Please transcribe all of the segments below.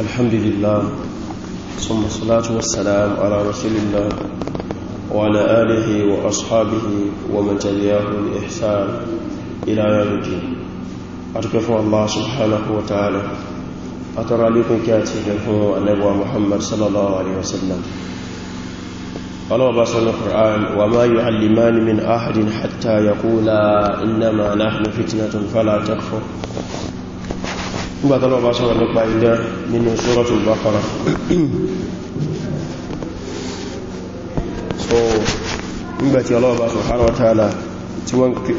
الحمد لله ثم الصلاة والسلام على رسول الله وعلى آله وأصحابه ومن تبعه بإحسان إلى يوم الدين أتكفى الله سبحانه وتعالى أترى لكم كاتب هو النبوة محمد صلى الله عليه وسلم قال وبصر القرآن وما يعلمان من أحد حتى يقولا إنما نحن فتنة فلا تكفر gbàtọ́lọ́ bá so nígbàtí ọlọ́ọ̀bá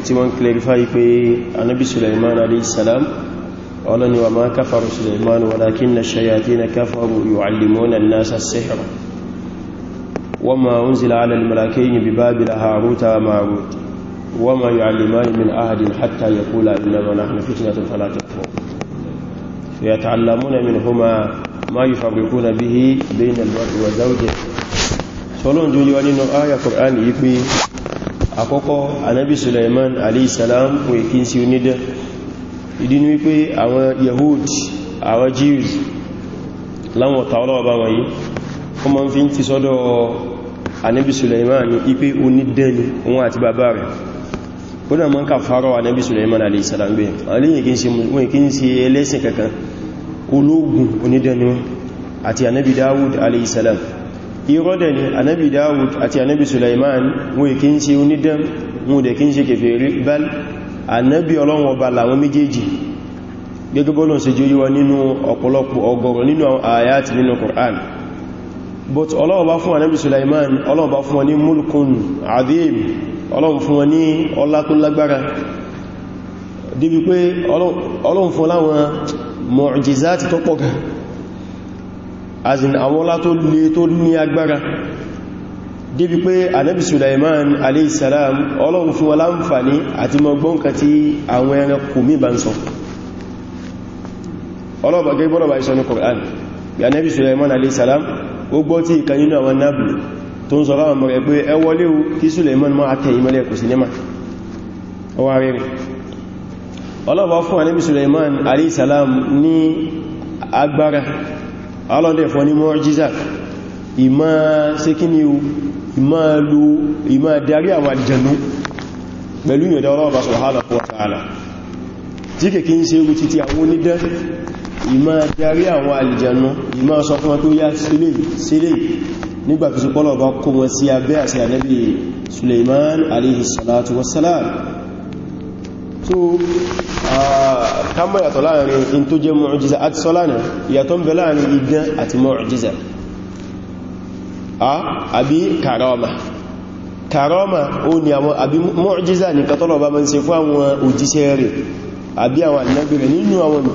tí wọ́n clarify pé anábi Sulaiman alayhi salam ọlọ́ni wa ma kafaru Sulaiman walakinna ash-shayatina kafaru yu'allimuna an-nasa as-sihr wa ma unzila 'ala al-malakayni bi Babila Haruta wa ma yu'allimani min ahadin hatta yaqula innama nahnu fitnatun fala takfur ويتعلمون منهما ما يفرقون به بين المرء وزوجه سولون جوجي ونينو آية قرآن يكوي àkọ́kọ́ anabi Suleiman alaihissalam kò ikin sí onídẹ́ ìdínú wípé àwọn Yahud àwọn Jews láwọn tàọ́lọ́ bá wáyé wọ́n ma ń fi ti sọ́dọ̀ anabi Suleiman ipé onídẹ́ ni wọ́n àti bàbá rẹ̀ kódà mọ́ ń kà fárọ anabi Suleiman alaihissalam bẹ́ẹ̀ ológun onídẹni àti anabi dawud aleyhisalam irọ́dẹ̀ ni anabi dawud àti anabi sulaiman wọ́n kí ń ṣe onídẹn wọ́n dẹ̀ kí ń ṣe kèfèrí bal anabi ọlọ́run ọba làwọn méjèèjì gẹ́gẹ́ bọ́lọ̀ ṣe jẹ́ yíwa nínú ọ̀pọ̀lọpọ̀ ọgọ́rọ̀ nínú àyàtì nínú Qur'an but ọlọ́run bá fún anabi sulaiman ọlọ́run bá fún mulkun adhim ọlọ́run fún wọn ní ọlá tó lágbára débi pé mọ̀jízáàtì tó pọ̀ gan azin àwọ́lá tó lè tó ní agbára débi pé anábi Sulaiman aleyhisalam ọlọ́run fún wa láǹfàní àti mọ́gbọ́n kan tí àwọn ẹranko mi bá ń sọ ọlọ́bàá gẹ́gbẹ́ bọ́lọ̀bàá ìṣọ́nù Qur'an anábi Sulaiman aleyhisalam ó gbọ́ tí ìkan nínú àwọn náàbì tó ọlọ́wọ́ fún ànábì Suleiman alìsàlám ní agbára alọ́dẹ̀ fún ní mọ́jíza ìmá síkíníu ìmá lu ìmá darí àwọn àjẹ̀nú pẹ̀lú ìyọ̀dá ọlọ́ọ̀bá subhanahu wa ta'ala tí kèkí ń ṣe irú títí àwọn onídẹ́ ìmá darí àwọn àlìjànú ìmá sọ fún tó yá sílé nígbàtí sí pọ́lọ̀ bá kó wọn sí abẹ́ àti ànábì Suleiman alìhìsàlátù wassalam so uh, kama yàtọ̀ láàrin in tó jẹ́ mu'jiza àti sọ́lánà yàtọ̀ ń bẹ láàrin idán àti mu'jiza àbí karama karama ó ní àwọn àbí mu'jiza ní katọ́lọ̀ bá mọ́ sí fún àwọn òjíṣẹ́ rẹ̀ àbí àwọn ànábì rẹ̀ nínú àwọn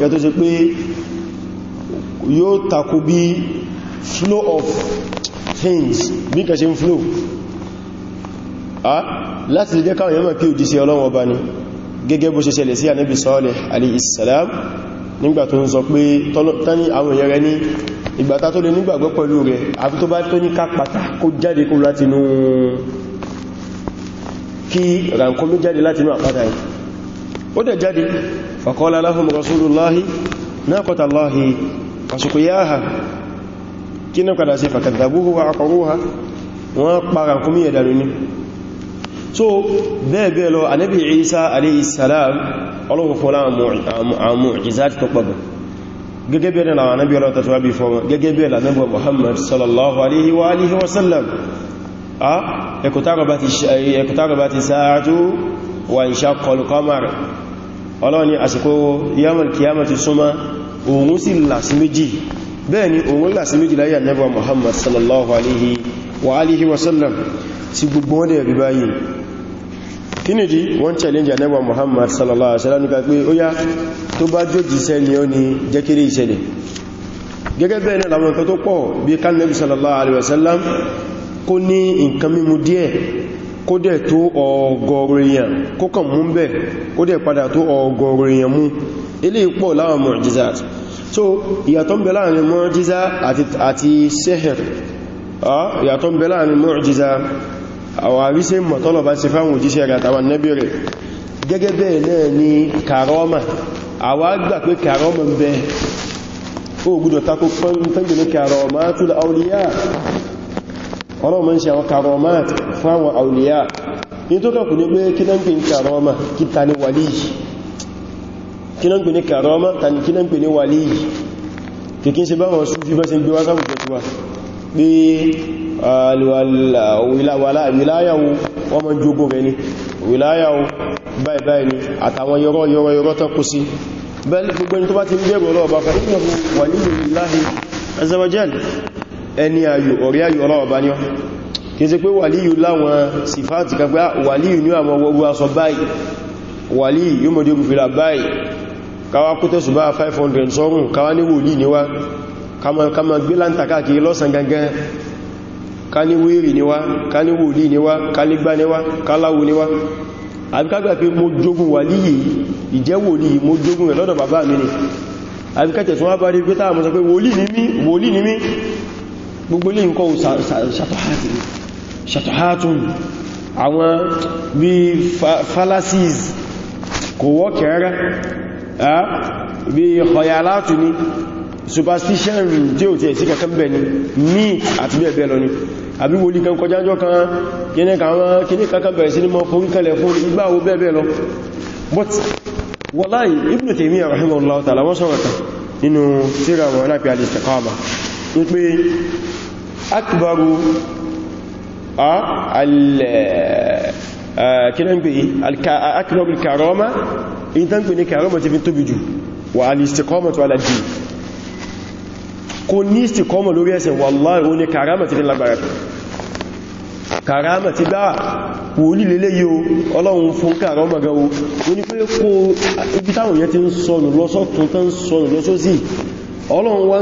flow of things bí kẹ́ ṣe ń flow láti lè jẹ́ káwọn yẹ́mọ̀ gẹ́gẹ́ bó ṣe ṣẹlẹ̀ sí ànábì Salih alayhi salam nígbà tó ń sọ pé tání àwọn èèyàn rẹ ní ìgbàta tó lè nígbàgbọ́ pẹ̀lú rẹ̀ àfi tó bá tó ní kápàtà kó jáde kó láti nú kí ràǹkómi jáde láti nú àpáta yìí ó dẹ̀ jáde faqala so bẹ́ẹ̀ bẹ́ẹ̀ lọ Ànábì Isa alayhi salam Ọlọ́run fún àmú ìzáàtì tó pọ̀gbọ̀ gẹ́gẹ́ bẹ́ẹ̀ náà Ànábì Ọlọ́run tó wá bí fọ́mọ̀ gẹ́gẹ́ bẹ́ẹ̀ lánàbí Muhammad sallallahu alaihi wa alihi wasallam a ẹkùtàrọ̀bá ti sáàtú wa inshaqqal qamar Ọlọ́run ní àsìkò yamal kiyamati súnmọ́ òun sì làsí méjì bẹ́ẹ̀ ni òun gbogbo wọn da ya bi bayin kínìdí wọ́n challenge anẹ́wà Muhammad sallallahu alaihi wasallam nípa pé ó yá tó bá jójì iṣẹ́ ni ó ní jẹ́kiri ìṣẹ̀lẹ̀ gẹ́gẹ́ bẹ́ẹ̀ náà làwọn nǹkan tó pọ̀ bí kánẹ́bì sallallahu alaihi wasallam kó ní nǹkan mímu díẹ̀ kó dẹ̀ tó ọgọ́rùn èèyàn kó kàn mú bẹ̀ kó dẹ̀ so ìyàtọ̀ ń bẹ láàrin mu'jiza àti àti sẹ́hẹ̀r ah, ìyàtọ̀ àwọn àríṣẹ́ mọ̀tọ́lọ̀ bá ṣe fáwọn òjíṣẹ́ rẹ̀ àtàwọn nẹ́bí rẹ̀ gẹ́gẹ́ bẹ́ẹ̀ náà ni kàrọ́mà àwa gbà pé kàrọ́mà ń bẹ ó gbọ́dọ̀ takó pẹ́ntẹ́gbẹ̀ ní kàrọ́mà tó lọ àwòlíyà ọlọ́mọ ń ṣe àwọn kàrọ́mà fáwọn ni wàlí kí náà ń ni kí náà ń pè ní wàlí kìkín ṣe báwọn súnfí bá ṣe ń wìláyàwó wọ́n mọ́ jogun rẹ̀ ni wìláyàwó báyìí báyìí ni àtàwọn yọrọ yọrọ yọrọ tán kú sí bẹ́ẹ̀lì gbogbo ẹni tó bá ti ń bẹ̀rù ọlọ́ọ̀bá fa innahu waliyullahi azza wa jal ẹni ayò ọ̀rẹ́ ayò ọlọ́ọ̀bá ni ọ kìí ṣe pé wàlíyù láwọn sífàtì kan pé ah, wàlíyù ní àwọn ọgbọ́ aṣọ báyìí wàlíyù yóò mọ̀ dégùn fìlà gangan ká ní wèrè ni wá ká ní wòlí ni wá ká ní gbá ni wá ká láwo ni wá àbí ká gbà pé mo jogun wà líyì ìjẹ́ wòlí mo jogun rẹ̀ lọ́dọ̀ bàbá mi ni àbí ká tẹ̀sùn wá bá rí pé táà mọ́ sọ pé wòlí ni mí wòlí ni mí gbogbo lè nǹkan ni superstition ring tí ó ti ẹ̀sí kankan bẹ̀ ni ní àti bẹ́ẹ̀ bẹ́ẹ̀ lọ ni àbí wòlí kan kọjá jọ kan kíní kankan bẹ̀rẹ̀ sí ní mọ́ fún kẹlẹ̀ fún ìgbàwó bẹ́ẹ̀ lọ but wallahi Ibn Taymiyyah rahimahullahu ta'ala wọ́n sọ̀rọ̀ kan nínú tírà wọn lápẹ́ al-istiqama ní pé akbaru a al-karama in tan pè ní karama ti fi tóbi jù wa al-istiqamatu ala din kò ní ìsìnkọmọ̀ lórí ẹsẹ̀ wallahi ó ní karama ti lágbára karama ti gbá wòlí lélé yíò ọlọ́run fún kààrọ magawo ó ní pé ibi táwọn yẹn ti ń sọnù lọ́sọ́tún tán sọnù lọ́sọ́sí ọlọ́run wá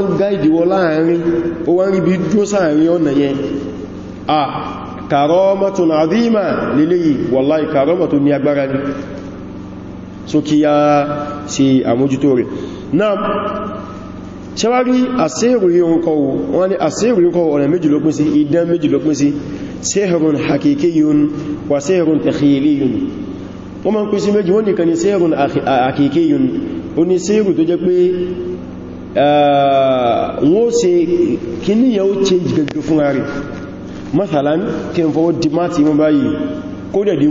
ń ṣẹwárí àṣírí orunkọwò wọ́n ni àṣírí orunkọwò ọ̀nà méjì ló pín sí idán méjì ló pín sí sẹ́hẹ̀rùn hakikiyun wà sẹ́hẹ̀rùn tẹ̀kìlìyun wọ́n ma ń pín sí méjì wọ́n nìkan ni sẹ́hẹ̀rùn hakikiyun o ni sẹ́hẹ̀rù tó jẹ́ pé wọ́n ṣe change gẹ́gẹ́ fún ara rẹ̀ mathalan kí n fọwọ́ di máti wọn báyìí kó dẹ̀ di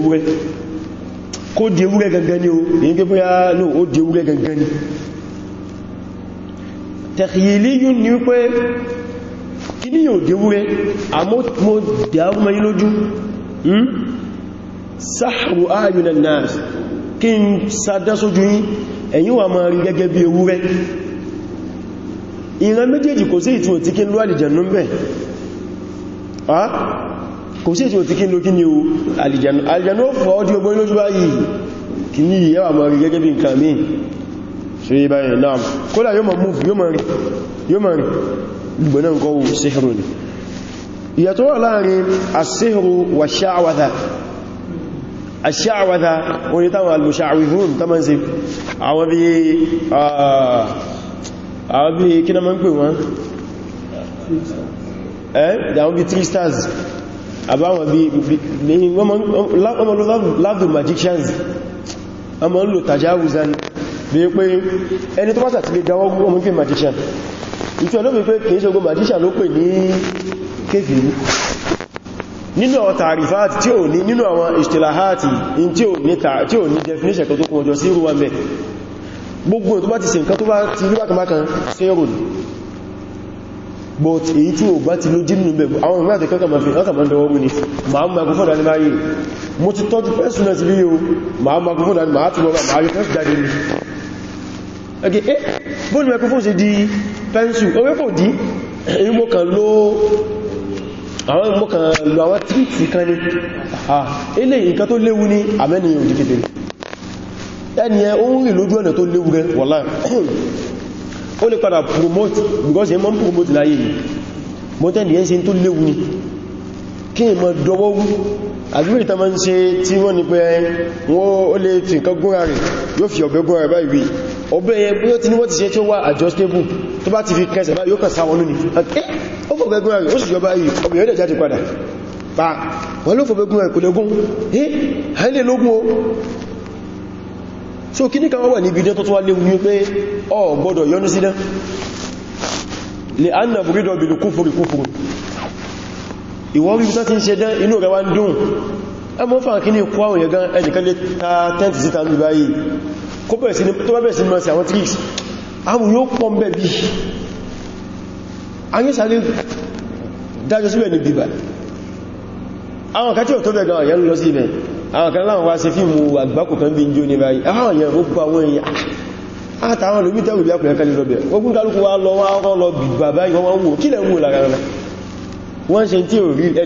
tẹ̀kìyìlíyún ni wípé kí ní yóò déwúrẹ́ àmọ́ dáwọ́mọ́ yí lójú hmm? sáàrù ayùn náà kí n sádásójú yí ẹ̀yin wà máa rí gẹ́gẹ́ bí ewúrẹ́ ìran méjèèjì kò sí ìtùwò tí kí n lọ àlìjànú bẹ̀ ni o àlìjànú ó fọ́ ọdún ogbó lójú báyìí kì ní ìyẹ́wà máa rí gẹ́gẹ́ ṣe yí báyìí náà kódà yóò mọ̀ múfù yóò mọ̀ rí gbogbo náà kọwọ́ síhìrù ni ìyàtọ̀ wà láàrin asíhìrù wà ṣáàwàdà aṣáàwàdà orí táwọn alùsáàwìhún tó mọ́ sí àwọn bí àwọn bí kí na mọ́ ń pè wọ́n ẹ́ àwọn bí three stars àbáwọn bí wọ́n mọ́ lọ́dún magicians wọ́n mọ́ ń lò tajawuzan bí pé ẹni tó pásà ti lè dáwọ́ ọmọ pé magician ìtú ẹlọ́bí pé kìí ṣe ogun magician ló pè ní kéfìrí nínú àwọn tàrífàtì tí ò ní nínú àwọn ìṣtìláhàtì tí ò ní definition kan tó kún ọjọ́ sí irú wọn bẹ̀ gbogbo tó bá ti but èyí tí ò bá ti ló jínú bẹ̀gbọ́ àwọn ìwé àti kankan mafi ọkà máa dọwọ́ mú ní máa mú agbófọ́dá ní máa yìí mo ti tọ́jú pẹ́sùn náà ti bí yíò máa mú agbófọ́dá ní máa túnbọ̀ máa yọ pẹ́sùn jáde ok eh bóòlù microphone ṣe di pencil owó kò dí èyí mo kàn ló àwọn mo kàn lọ àwọn tíìtì kan ní ilé nǹkan tó léwu ní àmẹ́niyàn òdí kéfèrè ẹni ẹ ó ń rí lójú ọ̀nà tó léwu rẹ wọ́lá ó lè padà promote because ẹ mọ́ ń promote láyé yìí mọ́tẹ́ni ẹ́ ṣe tó léwu ní kí ìmọ̀ dọwọ́ wú àgbìrì tán máa ń ṣe tí wọ́n ni pé wọ́n ó lè fi nǹkan gúnra rẹ̀ yóò fi ọ̀bẹ gúnra rẹ̀ báyìí ọbẹ̀ yẹn bí ó ti ní wọ́n ti ṣe tí ó wà adjustable tó bá ti fi kẹsẹ̀ bá yóò kàn sáwọn lónìí ó fò gẹ́gún rẹ̀ ó sì jọba yìí ọbẹ̀ yóò jáde padà pa wọ́n ló fò gẹ́gún rẹ̀ kò lẹ́gún ẹ́ àílẹ̀ lógún o so kí ní kan wà níbi tó tó wá léwu ní pé ọ gbọ́dọ̀ yọnu sí náà lè anna buridọ̀ bìlù kúfùrù kúfùrù ìwọ́n rí tó ti ń ṣe dán inú rẹ̀ wá ń dùn ẹmọ́ fà kó bẹ̀rẹ̀ sí ní tó bẹ̀rẹ̀ sí ní mọ́sí àwọn tricks àwọn yóò pọ̀ mẹ́ bí a yóò sáré dájọ́ síbẹ̀ ní bíbà àwọn kàtí ò tó bẹ̀ gan ọ̀yẹ́ lọ sí ibẹ̀ àwọn kan láwọn wá sí fíìmù àgbákò kan bí njó ní báyìí àwọn èèyàn ó gbọ́ àwọn èèyàn ah, àtàwọn olómi tẹ́rù bí akùnrin kan lè lọ́bẹ̀ ogun kálukú wá lọ wá rọ́ lọ bìbà báyìí wọ́n wọ́n wò kí lẹ́ ń wò lára rẹ̀ wọ́n ṣe tí ò rí ẹ̀dẹ̀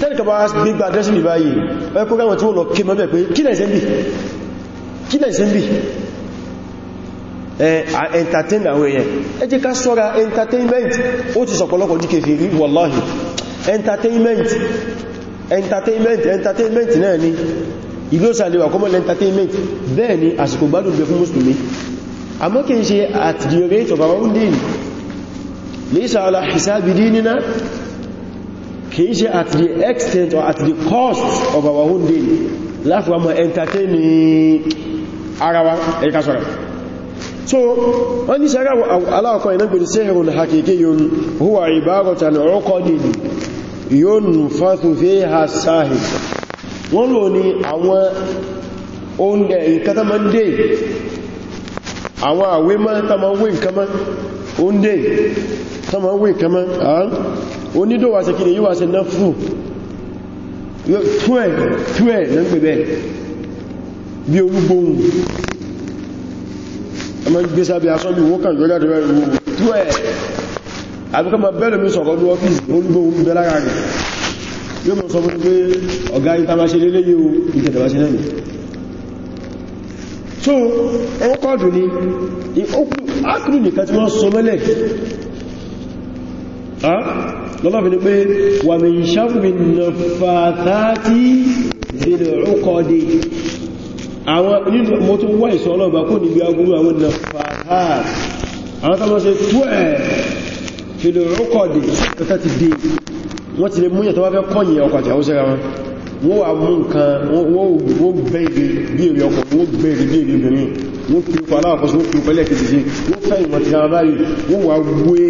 tẹ́lẹ̀kọba gbígbà adẹ́sì ní báyìí ẹkùn káwọn tí ó lọ kí mọ́bẹ̀ pé kí lẹ́sẹ̀ ń bí kí lẹ́sẹ̀ ń bí entertainment ó ti sọ̀pọ̀lọpọ̀ di kèfèrí wàláhì entertainment entertainment entertainment náà ni ìlú òsàlẹ̀wà entertainment bẹ́ẹ̀ ni àsìkò gbádùn bẹ fún mùsùlùmí àmọ́ kí n ṣe at the rate of our own din lè sàrọ̀lá kìí ṣe at the extent or at the cost of our own day láti wà mọ̀ entertain ara wa ẹ̀ríkà sọ́rọ̀ so wọ́n ní ṣẹ́rẹ́ aláwọ̀kọ́ iná gbèrè sẹ́hẹ̀rùn hakeke yóò huwa ìbárọ̀ta ní ọkọ̀ nìdì yóò nù fàtúfẹ́ ha sáhì wọ́n lò ní àwọn oúnjẹ ìkátàmọ́ndé àwọn àwé mọ́ tàmọ́wé nǹkan mọ́ oúnjẹ tàmọ́wé nǹkan mọ́ onídòwà ṣe kìdẹ̀ yíwà ṣe náfù túẹ̀ túẹ̀ na ń pè bẹ́ bí olúgbóhùn a ma ń gbé sábẹ́ asọ́bí wó kàn jọ́lá tó rẹ̀ túẹ̀ àbíkọ́ ma bẹ́lẹ̀ mi sọ̀rọ̀ ní ọ́fíìsì olúgbóhùn bẹ́ lára rẹ̀ yóò mọ̀ sọ fún pé ọ̀gá ìtàbáṣe lélé yóò ìtẹ̀tẹ̀báṣe náà so ẹwọ́n kọ́ọ̀dù ni akùnrin nìkan tí wọ́n sọ mẹ́lẹ̀ lọ́lọ́fin ni pé wà mí ṣáfùmí nàfàtàtì fèrè ọkọ̀dé àwọn nínú mo tún wá ìsọ ọlọ́ọ̀bá kò níbi agúrú àwọn nàfàtàtì àwọn tọ́lọ́ ṣe tó ẹ̀ fèrè ọkọ̀dé kẹta ti dé wọ́n ti lè múyẹ̀ tó wá fẹ́ kọ́yìn ọkọ̀ àti àwọ́sẹ́ra wọn wọ́n wà mú nǹkan wọ́n bẹ̀rẹ̀ bí aláwọ̀kọ́sí wọ́n fi ọkọ̀ lẹ́ẹ̀kejì sí wọ́n fẹ́ ìmọ̀ ti ara báyìí wọ́n wà gbé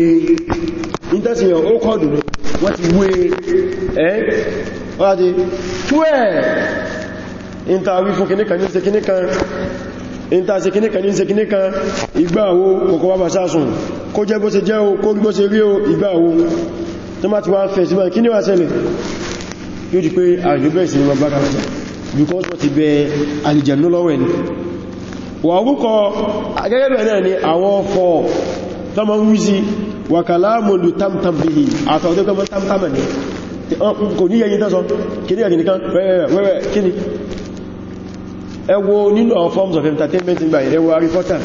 ìtẹ́sìyàn ó kọ́ dùn wọ́n ti wé e. ẹ́ wáde 12 ìntàwí fún kìníkan ní ṣe kìníkan ìntà ṣe kìníkan ní ṣe kìníkan ìgbàwó kòkó wà bà sáàsùn kó jẹ́ bó ṣe jẹ́ o kó gbó ṣe rí o ìgbàwó ni wọ́n bá kàrẹ́sà because wọ́n ti bẹ àlìjẹ̀nú lọ́wẹ́ ni wà orúkọ agẹ́gẹ́bẹ̀ náà ni àwọn ọfọ̀ tọ́mọ ń wí wa kalamun yutamtam bihi àtọ̀dẹ́ pẹ́ mọ́ tamtama ní eh, oh, kò ní yẹyin tán sọ kìí ẹ̀dì nìkan wẹ́wẹ́ kíni ẹ wo nínú àwọn forms of entertainment ń báyìí ẹ wo Harry Potter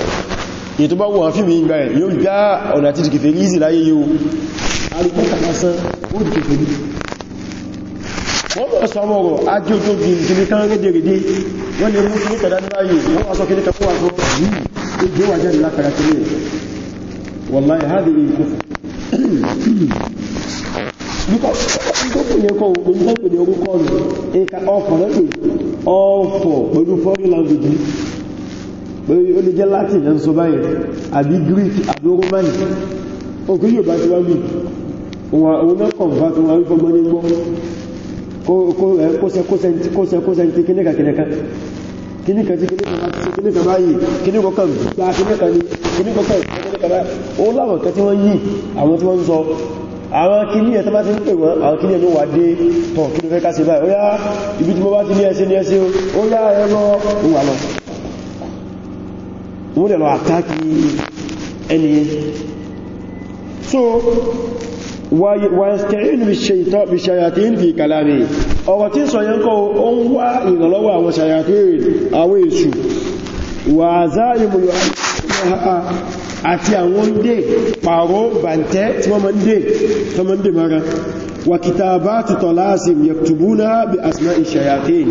èyí tó bá wọ́n àfí mi ń báyìí yóò já ọ̀nà àti jìkìfẹ̀ easy láyé yóò Harry Potter lásán ó jìkìfẹ̀ ní wọ́n lọ sọmọ ọ̀rọ̀ ajójó bí ìkìlì kan rédèrèdè wọ́n lè mú kí ní kẹ̀dá níláyè wọ́n wá sọ kí ní kẹfọ́ wà tó yìí ó jẹ́ wà jẹ́ ìlàkàrà kìlì wallahi hadi in kufr because tó kù yẹn kọ́ òpin tó pè ní orúkọ rẹ̀ ẹka ọkọ̀ rẹ̀ pè ọ̀fọ̀ pẹ̀lú foreign language pẹ̀lú ó lè jẹ́ latin ẹ̀ ń sọ báyìí àbí greek àbí romani òkú yóò bá ti wá wí òun náà kọ̀nfà tó wá wí fọgbọ́n ní gbọ́ kó sẹ́kó sẹ́ntíkínẹ́kàkínẹ́kà kíní kan tí kíní kan máa ti kíní kan báyìí kíní kọ́kàn gba kíní kan ní kíní kọ́kàn kíní kan báyìí ó láwọn kan tí wọ́n yí àwọn tí wọ́n ń sọ àwọn kíní ẹ̀ tó bá ti ń pè wọ́n àwọn kíní ẹ̀ ló wà dé tọ̀ kí fẹ́ ká báyìí ibi tí mo bá ti ní ẹsẹ̀ ní ẹsẹ̀ ó yá so wàyẹ̀stẹ̀ínú bí ṣayatín fi kàlámi ọ̀rọ̀ tí sọ yẹn kọ́ o ń wá ìrànlọ́wọ́ àwọn ṣayatín àwọn èṣù wà záyìmù àti àwọn ndé pàrọ̀ bàntẹ́ tí wọ́n mọ́ ndé tó mọ́ ndé mara wà kìtàbá ti tọ́láàsìm yaktubuna bí asmá ìṣayatín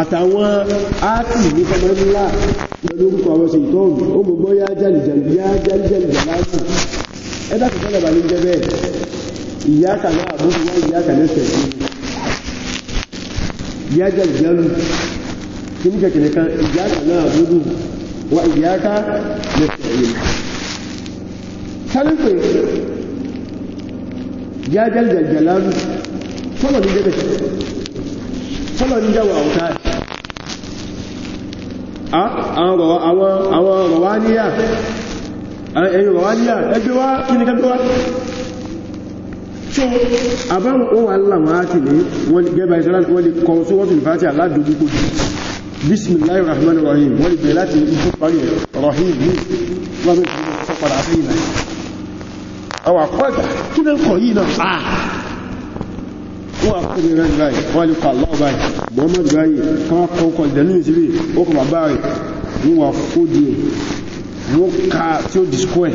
àtàwọn áàtì ní kọmọ́lá pẹ̀lú orúkọ àwọn ṣe ìtọ́rù ó gbogbo yá jálìjálì yá jálìjálì jálásì ẹ̀dá ní jẹ́ bẹ́ẹ̀ iyaka na abudu wa iyaka na sẹ̀kí yájẹ̀ ìjẹ́lu kí ní kẹ̀kẹ̀rẹ̀ kan iyaka na abudu wa iyaka na sẹ̀kí sálẹ́fẹ̀ yájẹ̀ ìjẹ̀jẹ̀láru tọ́lọ̀ ní jẹ́ tọ́lọ̀ ní jẹ́ wà ọ̀tá àwọn rọ̀wá níyà ẹgbẹ́ wá kí ní kẹgbẹ́ wá so àbáwọn ó wà láwọn á ti ní wọ́n lè gẹ́bà ìṣẹ́lá wọ́n lè kọ sóòtù ìfàtí aládùgbùkú bismillahir rahmanir rahim wọ́n lè bẹ̀rẹ̀ láti ikú parí rahim ní lọ́dún ìfọ́padà sẹ́yìn náà àwọn àkọ́gbà kí náà kọ̀ yìí náà àà ah! wọ́n àkọ́gbà rẹ̀ báyìí wọ́n lè kọ̀ aláwọ̀ báyìí mohamed báyìí kan kọ́kọ́ ìdẹ̀nú ìsírí ó kọ̀ bàbá rẹ̀ wọ́n wà fódìí wọ́n ká tí ó dìskọ́ ẹ̀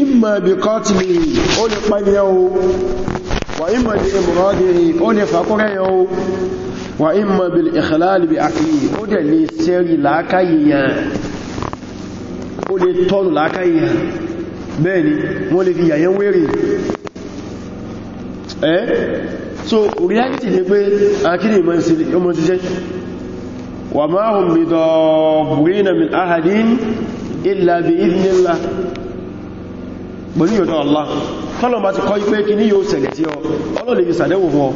ìmọ̀ bí kọ́tìlì ó lè pàyẹ o wà ìmọ̀ bí ìmọ̀rọ̀dì ó lè fàkúrẹ́ o wà ìmọ̀ bí ìkìláàlì bí àkìlì ó dẹ̀ lè sẹ́rì láákàyìyàn ó lè tọ́nù láákàyìyàn bẹ́ẹ̀ni wọ́n lè fi yàyẹn so reality ni pé àkìlì ọmọ ṣiṣẹ́ wà máa hùn bí dọ̀ọ̀bùrínà min pẹ̀lú ìyọ̀dọ̀ Allah tọ́lọ̀ bá ti kọ́ ipé kí ní yóò ṣẹlẹ̀ sí ọ ọlọ́ lè fi sàdẹ́wò fún ọ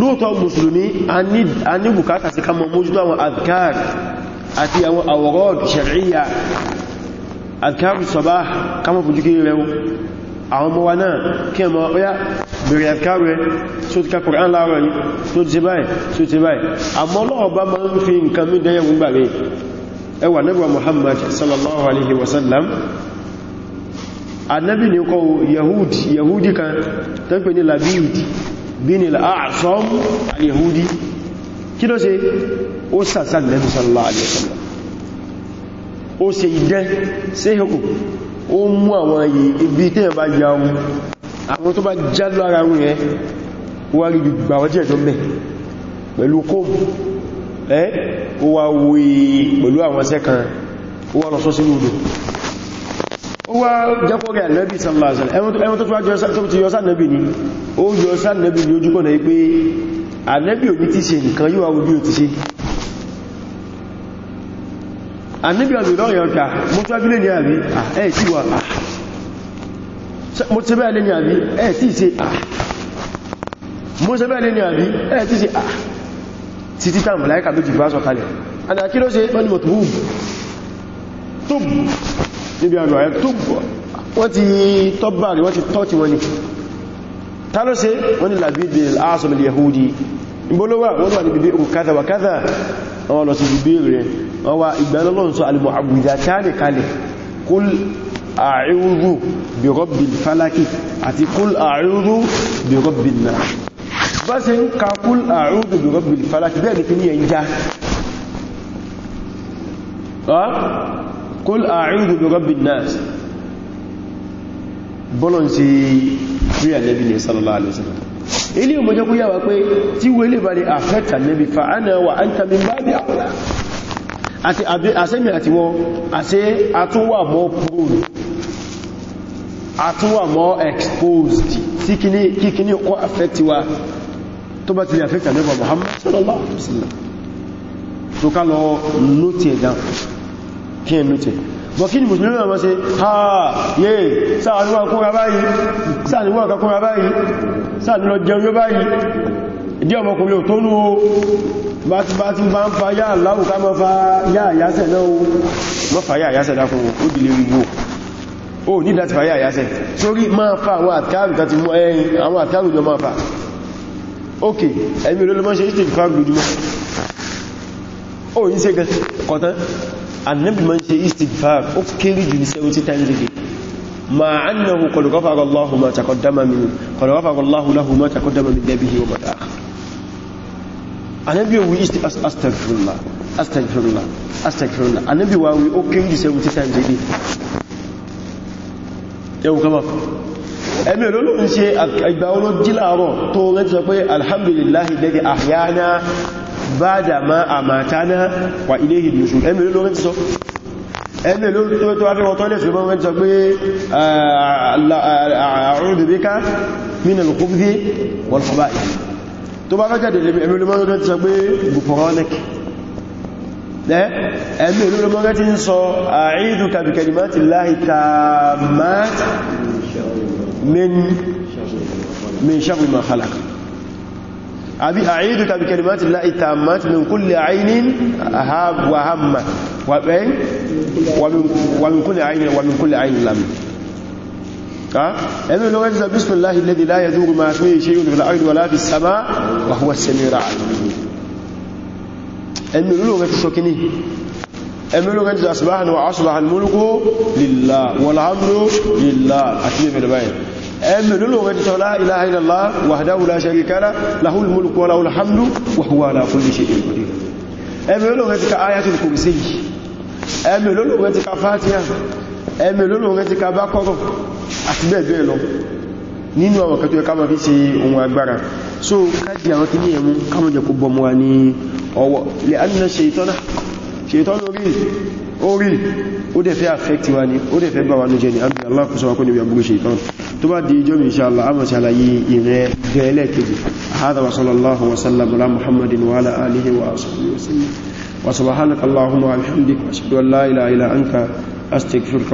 lóòtọ́ mùsùlùmí a ní bùkátà sí kama mójútó àwọn adkar àti àwọn àwọ̀rọ̀d ṣẹ̀ríyà adkar sabah kama fojú kí rẹ̀ àwọn ọmọ wa náà kí ẹmọ ọya bẹ̀rẹ̀ adkar rẹ̀ tí ó ti ka Qur'an láàrọ̀ yìí tí ó ti báyìí tí ti báyìí annabi ni kọ yahudi yahudi kan tán pè ní labid bin al-a'sam al-yahudi kí ló ṣe ó sàsà lẹ́bí sallallahu alaihi wasallam ó ṣe ìdẹ́ sí ẹkù ó mú àwọn ibi tí ẹ bá ya ohun àwọn tó bá já lára ohun yẹn wá rí gbà pẹ̀lú kóòmù ẹ́ ó wá wo pẹ̀lú àwọn sẹ́kan ó wá lọ sọ sínú odò ó wá jẹ́kọ́ rẹ̀ nẹ́bí sallallahu alaihi wasallam ẹwọ́n tó tó wá yọ́sá nẹ́bí ni ó yọ́sá nẹ́bí ni ojú kọ́nà pé ànẹ́bí ò ní ti ṣe nǹkan yíwa ojú ò ti ṣe ànẹ́bí ọ̀dọ̀ lọ́rẹ̀ ọ̀kà mo tó agbílẹ̀ ní àrí ẹ̀ tí wà mo ti bẹ́ẹ̀ ní àrí ẹ̀ tí ṣe mo ti bẹ́ẹ̀ ní àrí ẹ̀ tí ṣe títí tàbí láìka tó jì bá sọ kalẹ̀ àdàkí ló ṣe mọ́ni mọ̀tòbù níbi ọ̀rọ̀ ẹ̀ tó wọ́n ti tọ́bà rí wọ́n ti tọ́ ti wọ́n ni ta ló ṣe wọ́n ni làbídì al'asọ̀lẹ̀ yahudi ìbólówà wọ́n wà ní bíbí òkú kátà wà kátà wọ́n lọ sí bíbí rẹ̀ wọ́n wà ìgbàlọ́lọ́n sọ al-mu'awwidhatani kúl àìrù bí rọ́bì náàs bọ́lọ̀ ti rí ànẹ́bì ní sallallahu alaihi wasallam ilé ìmọ̀jẹ́ kú yàwà pé tí wọ́n lè bá lè affect ànẹ́bì fa'ana wa an tàbí bá bí àwọ̀lá àti àṣẹ́mì àti wọn àṣẹ́ àtúnwà mọ́ prone àtúnwà mọ́ exposed sí kíkíní kọ́ affect wa tó bá ti lè affect Muhammad sallallahu alaihi wasallam kí ẹnu tẹ̀ bọ̀ kí ni mùsùlùmí náà wọ́n ṣe haa yé sáàdúwà kóra báyìí sáàdúwà kóra báyìí sáàdúwà jẹun yóò báyìí ìdí ọmọkùnrin ò tó nú o bá ti bá ti bá ń fa yá aláwù ká mọ́ fa yá àyásẹ̀ náà o mọ́ fa yá àyásẹ̀ dákùn ó dìlé wíwò o ní láti fa yá àyásẹ̀ sórí máa fa àwọn àtàrù tàti mú ẹyìn àwọn àtàrù lọ máa fa ok ẹ̀mí olólùmọ́ ṣe ìsìnkú annabi man ṣe istighfar ó kéré jù ní 70 times a day ma annahu qad ghafara Allahu ma taqaddama min qad ghafara Allahu lahu ma taqaddama min dhanbihi wa ma ta'akhkhara anabi wo isti astaghfirullah astaghfirullah astaghfirullah anabi wa wi ó kéré jù 70 times a day yau kama ẹ̀mí olóòlò ń ṣe ìgbà olóòjì láàárọ̀ tó rẹ̀ bada ma amatana wa ilayhi nushur ẹmì olórin ti sọ ẹmì olórin tó wá fẹ́ wọ́n tọ́lẹ̀ ṣùgbọ́n wọ́n sọ pé a'udhu bika min al-khubthi wal khaba'ith tó bá fẹ́ jáde ẹmì olórin ti sọ min sharri ma khalaq àbí àìdù tàbí kẹlìmáti láì tààmàtì min kulli àìnín àhábùhámà wàbẹ́ wa min kulli àìnín wa min kulli àìnín lámì ẹnu lọ́wọ́ jíza bismillahi alladhi la yadurru ma fi shay'un fil ardi wa la fis samaa wa huwa as-sami'ul 'alim ẹnu lọ́wọ́ ti sọ kíní ẹnu lọ́wọ́ jíza àti ìbẹ̀rẹ̀ báyìí ẹmẹ lólòwẹ́ ti sọ́lá ilaha illallah wahdahu la sharika lahu lahul mulku wa lahul hamdu wa huwa ala kulli shay'in qadir ẹmẹ lólòwẹ́ ti ka ayatul kursi ẹmẹ lólòwẹ́ ti ka fatiha ẹmẹ lólòwẹ́ ti ka bakọ́rọ̀ àti bẹ́ẹ̀ ó dẹ̀ fẹ́ affect wa ní ó dẹ̀ fẹ́ bá wa ní jẹ ní àbí aláàkùsọ́wọ́kọ́ níbi àbúrú ṣètọ́nà tó bá di ijó insha Allah a máa ṣàlàyé ìrẹ́ gẹ́ẹ̀lẹ́ kejì hadha wa sallallahu wa sallam ala muhammadin wa ala alihi wa ashabihi wa sallam wa subhanaka allahumma wa bihamdika wa ashhadu an la ilaha illa anta astaghfiruka